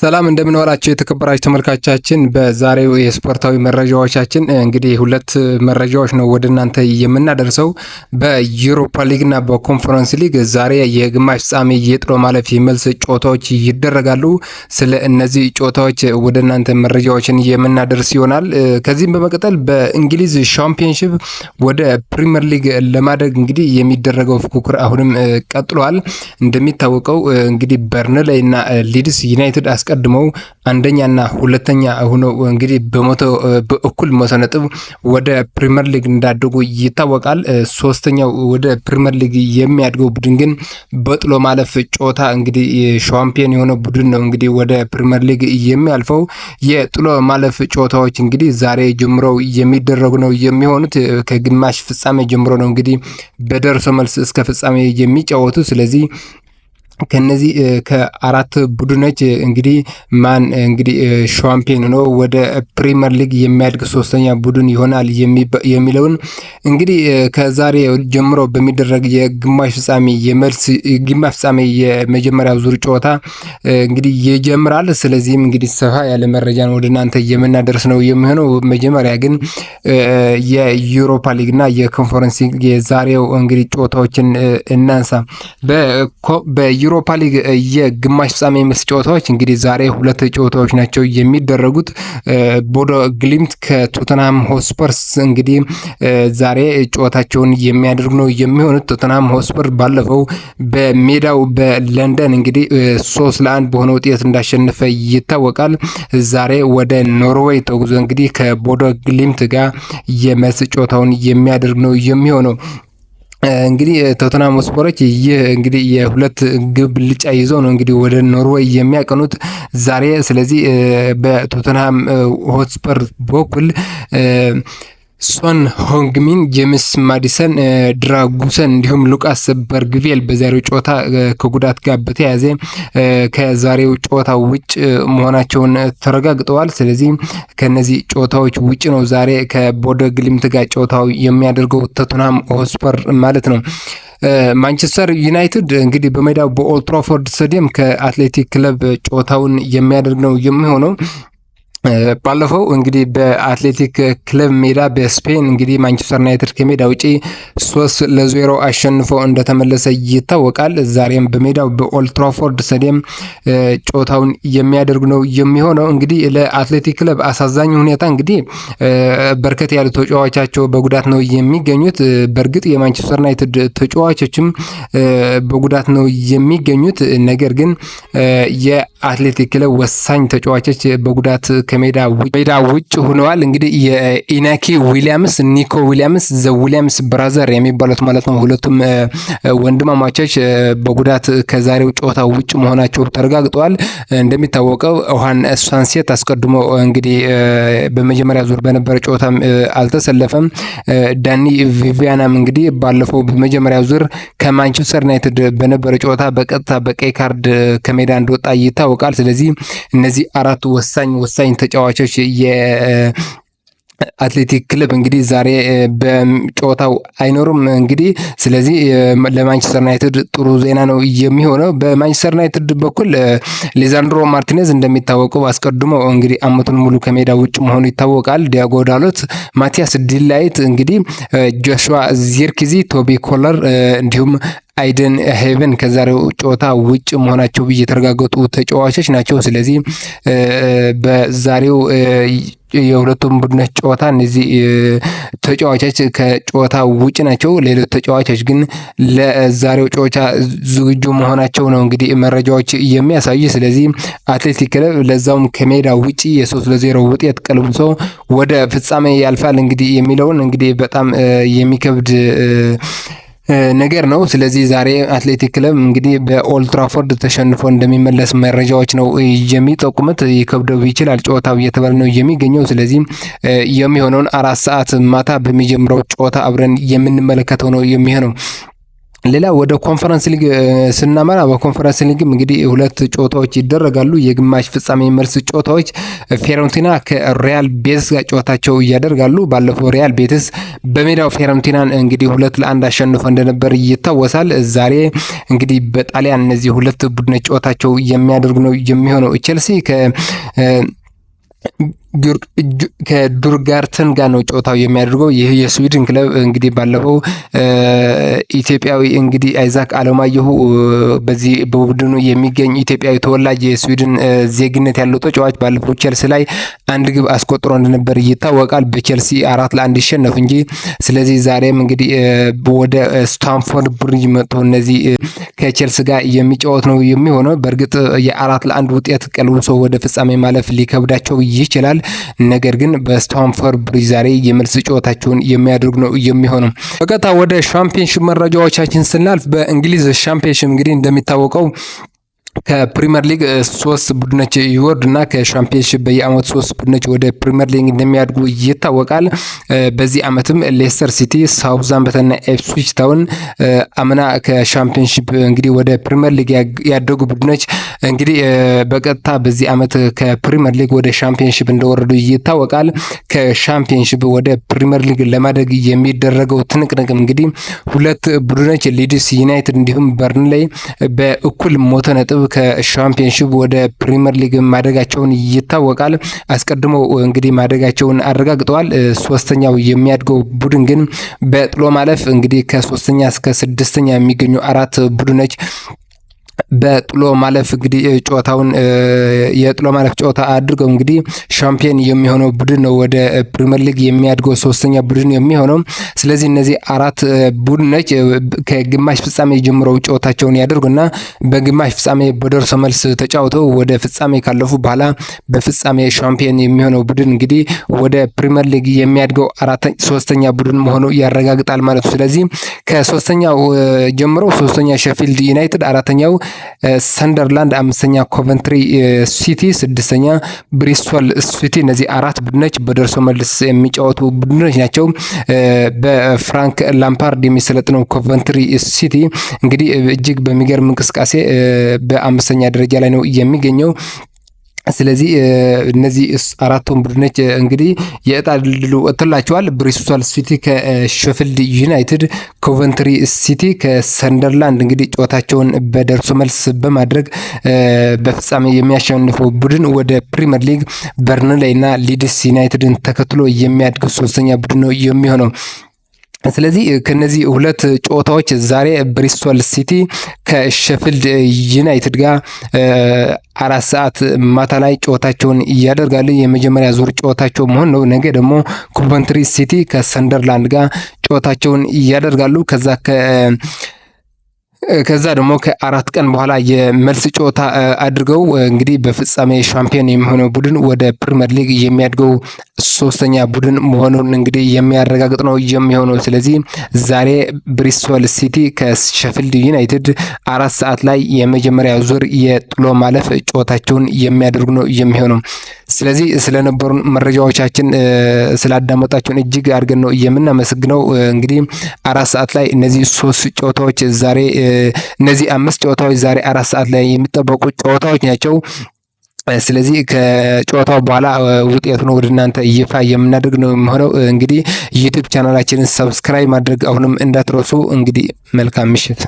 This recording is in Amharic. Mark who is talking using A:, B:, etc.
A: ሰላም እንደምንዋላችሁ የተከበራችሁ ተመልካቻችን፣ በዛሬው የስፖርታዊ መረጃዎቻችን እንግዲህ ሁለት መረጃዎች ነው ወደ እናንተ የምናደርሰው። በዩሮፓ ሊግና በኮንፈረንስ ሊግ ዛሬ የግማሽ ፍጻሜ የጥሎ ማለፍ የመልስ ጨዋታዎች ይደረጋሉ። ስለ እነዚህ ጨዋታዎች ወደ እናንተ መረጃዎችን የምናደርስ ይሆናል። ከዚህም በመቀጠል በእንግሊዝ ሻምፒዮንሺፕ ወደ ፕሪምየር ሊግ ለማደግ እንግዲህ የሚደረገው ፉክክር አሁንም ቀጥሏል። እንደሚታወቀው እንግዲህ በርንሌይና ሊድስ ዩናይትድ አስቀድመው አንደኛና ሁለተኛ ሆነው እንግዲህ በመቶ በእኩል መቶ ነጥብ ወደ ፕሪምየር ሊግ እንዳደጉ ይታወቃል። ሶስተኛው ወደ ፕሪምየር ሊግ የሚያድገው ቡድን ግን በጥሎ ማለፍ ጨዋታ እንግዲህ ሻምፒዮን የሆነ ቡድን ነው እንግዲህ ወደ ፕሪምየር ሊግ የሚያልፈው። የጥሎ ማለፍ ጨዋታዎች እንግዲህ ዛሬ ጀምረው የሚደረጉ ነው የሚሆኑት። ከግማሽ ፍጻሜ ጀምሮ ነው እንግዲህ በደርሶ መልስ እስከ ፍጻሜ የሚጫወቱ ስለዚህ ከነዚህ ከአራት ቡድኖች እንግዲህ ማን እንግዲህ ሻምፒዮን ሆኖ ወደ ፕሪምየር ሊግ የሚያድግ ሶስተኛ ቡድን ይሆናል የሚለውን እንግዲህ ከዛሬ ጀምሮ በሚደረግ የግማሽ ፍጻሜ የመልስ ግማሽ ፍጻሜ የመጀመሪያ ዙር ጨዋታ እንግዲህ ይጀምራል። ስለዚህም እንግዲህ ሰፋ ያለ መረጃን ወደ እናንተ የምናደርስ ነው የሚሆነው። መጀመሪያ ግን የዩሮፓ ሊግ እና የኮንፈረንስ የዛሬው እንግዲህ ጨዋታዎችን እናንሳ። የዩሮፓ ሊግ የግማሽ ፍጻሜ የመልስ ጨዋታዎች እንግዲህ ዛሬ ሁለት ጨዋታዎች ናቸው የሚደረጉት። ቦዶ ግሊምት ከቶተናም ሆስፐርስ እንግዲህ ዛሬ ጨዋታቸውን የሚያደርጉ ነው የሚሆኑት። ቶተናም ሆስፐር ባለፈው በሜዳው በለንደን እንግዲህ ሶስት ለአንድ በሆነ ውጤት እንዳሸነፈ ይታወቃል። ዛሬ ወደ ኖርዌይ ተጉዞ እንግዲህ ከቦዶ ግሊምት ጋር የመልስ ጨዋታውን የሚያደርግ ነው የሚሆነው። እንግዲህ ቶተናም ስፖሮች ይህ እንግዲህ የሁለት ግብ ልጫ ይዘው ነው እንግዲህ ወደ ኖርዌይ የሚያቀኑት ዛሬ። ስለዚህ በቶተናም ሆትስፐር በኩል ሶን ሆንግሚን፣ ጄምስ ማዲሰን፣ ድራጉሰን እንዲሁም ሉቃስ በርግቬል በዛሬው ጨዋታ ከጉዳት ጋር በተያያዘ ከዛሬው ጨዋታ ውጭ መሆናቸውን ተረጋግጠዋል። ስለዚህ ከነዚህ ጨዋታዎች ውጭ ነው ዛሬ ከቦደ ግሊምት ጋር ጨዋታው የሚያደርገው ቶተንሃም ሆስፐር ማለት ነው። ማንቸስተር ዩናይትድ እንግዲህ በሜዳው በኦልትራፎርድ ስታዲየም ከአትሌቲክ ክለብ ጨዋታውን የሚያደርግ ነው የሚሆነው። ባለፈው እንግዲህ በአትሌቲክ ክለብ ሜዳ በስፔን እንግዲህ ማንቸስተር ዩናይትድ ከሜዳ ውጪ ሶስት ለዜሮ አሸንፎ እንደተመለሰ ይታወቃል። ዛሬም በሜዳው በኦልትራፎርድ ስታዲየም ጨዋታውን የሚያደርግ ነው የሚሆነው። እንግዲህ ለአትሌቲክ ክለብ አሳዛኝ ሁኔታ እንግዲህ በርከት ያሉ ተጫዋቻቸው በጉዳት ነው የሚገኙት። በእርግጥ የማንቸስተር ዩናይትድ ተጫዋቾችም በጉዳት ነው የሚገኙት ነገር ግን አትሌቲክ ክለብ ወሳኝ ተጫዋቾች በጉዳት ከሜዳ ውጭ ሆነዋል። እንግዲህ የኢናኪ ዊሊያምስ፣ ኒኮ ዊሊያምስ፣ ዘ ዊሊያምስ ብራዘር የሚባሉት ማለት ነው ሁለቱም ወንድማማቾች በጉዳት ከዛሬው ጨዋታ ውጭ መሆናቸው ተረጋግጠዋል። እንደሚታወቀው ኦሃን ሳንሴት አስቀድሞ እንግዲህ በመጀመሪያ ዙር በነበረ ጨዋታም አልተሰለፈም። ዳኒ ቪቪያናም እንግዲህ ባለፈው በመጀመሪያ ዙር ከማንቸስተር ዩናይትድ በነበረ ጨዋታ በቀጥታ በቀይ ካርድ ከሜዳ እንደወጣ ይታወቃል። ይታወቃል። ስለዚህ እነዚህ አራት ወሳኝ ወሳኝ ተጫዋቾች አትሌቲክ ክለብ እንግዲህ ዛሬ በጨዋታው አይኖሩም። እንግዲህ ስለዚህ ለማንቸስተር ዩናይትድ ጥሩ ዜና ነው የሚሆነው። በማንቸስተር ዩናይትድ በኩል ሌዛንድሮ ማርቲኔዝ እንደሚታወቀው አስቀድሞ እንግዲህ አመቱን ሙሉ ከሜዳ ውጭ መሆኑ ይታወቃል። ዲያጎ ዳሎት፣ ማቲያስ ዲላይት፣ እንግዲህ ጆሹዋ ዚርኪዚ፣ ቶቢ ኮለር እንዲሁም አይደን ሄቨን ከዛሬው ጨዋታ ውጭ መሆናቸው እየተረጋገጡ ተጫዋቾች ናቸው። ስለዚህ በዛሬው የሁለቱም ቡድኖች ጨዋታ እነዚህ ተጫዋቾች ከጨዋታ ውጭ ናቸው። ሌሎች ተጫዋቾች ግን ለዛሬው ጨዋታ ዝግጁ መሆናቸው ነው እንግዲህ መረጃዎች የሚያሳዩ። ስለዚህ አትሌቲክ ክለብ ለዛውም ከሜዳ ውጭ የሶስት ለዜሮ ውጤት ቀልብሶ ወደ ፍጻሜ ያልፋል እንግዲህ የሚለውን እንግዲህ በጣም የሚከብድ ነገር ነው። ስለዚህ ዛሬ አትሌቲክ ክለብ እንግዲህ በኦልትራፎርድ ተሸንፎ እንደሚመለስ መረጃዎች ነው የሚጠቁሙት። ይከብደው ይችላል ጨዋታው እየተባለ ነው የሚገኘው። ስለዚህ የሚሆነውን አራት ሰዓት ማታ በሚጀምረው ጨዋታ አብረን የምንመለከተው ነው የሚሆነው። ሌላ ወደ ኮንፈረንስ ሊግ ስናመራ በኮንፈረንስ ሊግም እንግዲህ ሁለት ጨዋታዎች ይደረጋሉ። የግማሽ ፍጻሜ መልስ ጨዋታዎች ፌሮንቲና ከሪያል ቤትስ ጋር ጨዋታቸው እያደርጋሉ። ባለፈው ሪያል ቤትስ በሜዳው ፌሮንቲናን እንግዲህ ሁለት ለአንድ አሸንፎ እንደነበር ይታወሳል። ዛሬ እንግዲህ በጣሊያን እነዚህ ሁለት ቡድኖች ጨዋታቸው የሚያደርግ ነው የሚሆነው ቼልሲ ከዱርጋርተን ጋር ነው ጨዋታው የሚያደርገው። ይህ የስዊድን ክለብ እንግዲህ ባለፈው ኢትዮጵያዊ እንግዲህ አይዛክ አለማየሁ በዚህ በቡድኑ የሚገኝ ኢትዮጵያዊ ተወላጅ የስዊድን ዜግነት ያለው ተጫዋች ባለፈው ቼልሲ ላይ አንድ ግብ አስቆጥሮ እንደነበር ይታወቃል። በቼልሲ አራት ለአንድ ይሸነፍ እንጂ ስለዚህ ዛሬም እንግዲህ ወደ ስታንፎርድ ብሪጅ መጥቶ እነዚህ ከቼልሲ ጋር የሚጫወት ነው የሚሆነው። በእርግጥ የአራት ለአንድ ውጤት ቀልብሶ ወደ ፍጻሜ ማለፍ ሊከብዳቸው ይችላል። ነገር ግን በስታንፎርድ ብሪጅ ዛሬ የመልስ ጨዋታቸውን የሚያደርጉ ነው የሚሆነው። በቀጥታ ወደ ሻምፒዮንሽፕ መረጃዎቻችን ስናልፍ በእንግሊዝ ሻምፒዮንሽፕ እንግዲህ እንደሚታወቀው ከፕሪምየር ሊግ ሶስት ቡድኖች ይወርዱና ከሻምፒዮንሺፕ በየአመቱ ሶስት ቡድኖች ወደ ፕሪምየር ሊግ እንደሚያድጉ ይታወቃል። በዚህ አመትም ሌስተር ሲቲ፣ ሳውዛምፕተንና ኤፕስዊች ታውን አምና ከሻምፒዮንሺፕ እንግዲህ ወደ ፕሪምየር ሊግ ያደጉ ቡድኖች እንግዲህ በቀጥታ በዚህ አመት ከፕሪምየር ሊግ ወደ ሻምፒዮንሺፕ እንደወረዱ ይታወቃል። ከሻምፒዮንሺፕ ወደ ፕሪምየር ሊግ ለማደግ የሚደረገው ትንቅንቅም እንግዲህ ሁለት ቡድኖች ሊድስ ዩናይትድ እንዲሁም በርንሌይ በእኩል ሞተ ነጥብ ክለብ ከሻምፒዮንሺፕ ወደ ፕሪምየር ሊግ ማደጋቸውን ይታወቃል። አስቀድሞ እንግዲህ ማደጋቸውን አረጋግጠዋል። ሶስተኛው የሚያድገው ቡድን ግን በጥሎ ማለፍ እንግዲህ ከሶስተኛ እስከ ስድስተኛ የሚገኙ አራት ቡድኖች በጥሎ ማለፍ እንግዲህ ጨዋታውን የጥሎ ማለፍ ጨዋታ አድርገው እንግዲህ ሻምፒዮን የሚሆነው ቡድን ነው ወደ ፕሪምየር ሊግ የሚያድገው ሶስተኛ ቡድን የሚሆነው። ስለዚህ እነዚህ አራት ቡድኖች ከግማሽ ፍጻሜ ጀምረው ጨዋታቸውን ያደርጉና በግማሽ ፍጻሜ በደርሶ መልስ ተጫውተው ወደ ፍጻሜ ካለፉ በኋላ በፍጻሜ ሻምፒየን የሚሆነው ቡድን እንግዲህ ወደ ፕሪምየር ሊግ የሚያድገው ሶስተኛ ቡድን መሆኑ ያረጋግጣል ማለት ነው። ስለዚህ ከሶስተኛው ጀምሮ ሶስተኛ ሼፊልድ ዩናይትድ አራተኛው ሰንደርላንድ አምስተኛ፣ ኮቨንትሪ ሲቲ ስድስተኛ፣ ብሪስቶል ሲቲ እነዚህ አራት ቡድኖች በደርሶ መልስ የሚጫወቱ ቡድኖች ናቸው። በፍራንክ ላምፓርድ የሚሰለጥነው ኮቨንትሪ ሲቲ እንግዲህ እጅግ በሚገርም እንቅስቃሴ በአምስተኛ ደረጃ ላይ ነው የሚገኘው። ስለዚህ እነዚህ አራቱን ቡድኖች እንግዲህ የእጣ ድልድሉ እትላቸዋል። ብሪስቶል ሲቲ ከሼፊልድ ዩናይትድ፣ ኮቨንትሪ ሲቲ ከሰንደርላንድ እንግዲህ ጨዋታቸውን በደርሶ መልስ በማድረግ በፍጻሜ የሚያሸንፈው ቡድን ወደ ፕሪምየር ሊግ በርንሌይና ሊድስ ዩናይትድን ተከትሎ የሚያድግ ሶስተኛ ቡድን ነው የሚሆነው። ስለዚህ ከነዚህ ሁለት ጨዋታዎች ዛሬ ብሪስቶል ሲቲ ከሸፊልድ ዩናይትድ ጋር አራት ሰዓት ማታ ላይ ጨዋታቸውን እያደርጋሉ። የመጀመሪያ ዙር ጨዋታቸው መሆን ነው። ነገ ደግሞ ኮቨንትሪ ሲቲ ከሰንደርላንድ ጋር ጨዋታቸውን እያደርጋሉ ከዛ ከዛ ደግሞ ከአራት ቀን በኋላ የመልስ ጨዋታ አድርገው እንግዲህ በፍጻሜ ሻምፒዮን የሚሆነው ቡድን ወደ ፕሪምየር ሊግ የሚያድገው ሶስተኛ ቡድን መሆኑን እንግዲህ የሚያረጋግጥ ነው የሚሆነው። ስለዚህ ዛሬ ብሪስቶል ሲቲ ከሸፊልድ ዩናይትድ አራት ሰዓት ላይ የመጀመሪያ ዙር የጥሎ ማለፍ ጨዋታቸውን የሚያደርጉ ነው የሚሆነው። ስለዚህ ስለነበሩ መረጃዎቻችን ስላዳመጣችሁን እጅግ አድርገን ነው የምናመሰግነው። እንግዲህ አራት ሰዓት ላይ እነዚህ ሶስት ጨዋታዎች ዛሬ እነዚህ አምስት ጨዋታዎች ዛሬ አራት ሰዓት ላይ የሚጠበቁ ጨዋታዎች ናቸው። ስለዚህ ከጨዋታው በኋላ ውጤቱን ወደ እናንተ ይፋ የምናደርግ ነው የሚሆነው። እንግዲህ ዩቲዩብ ቻናላችንን ሰብስክራይብ ማድረግ አሁንም እንዳትረሱ። እንግዲህ መልካም ምሽት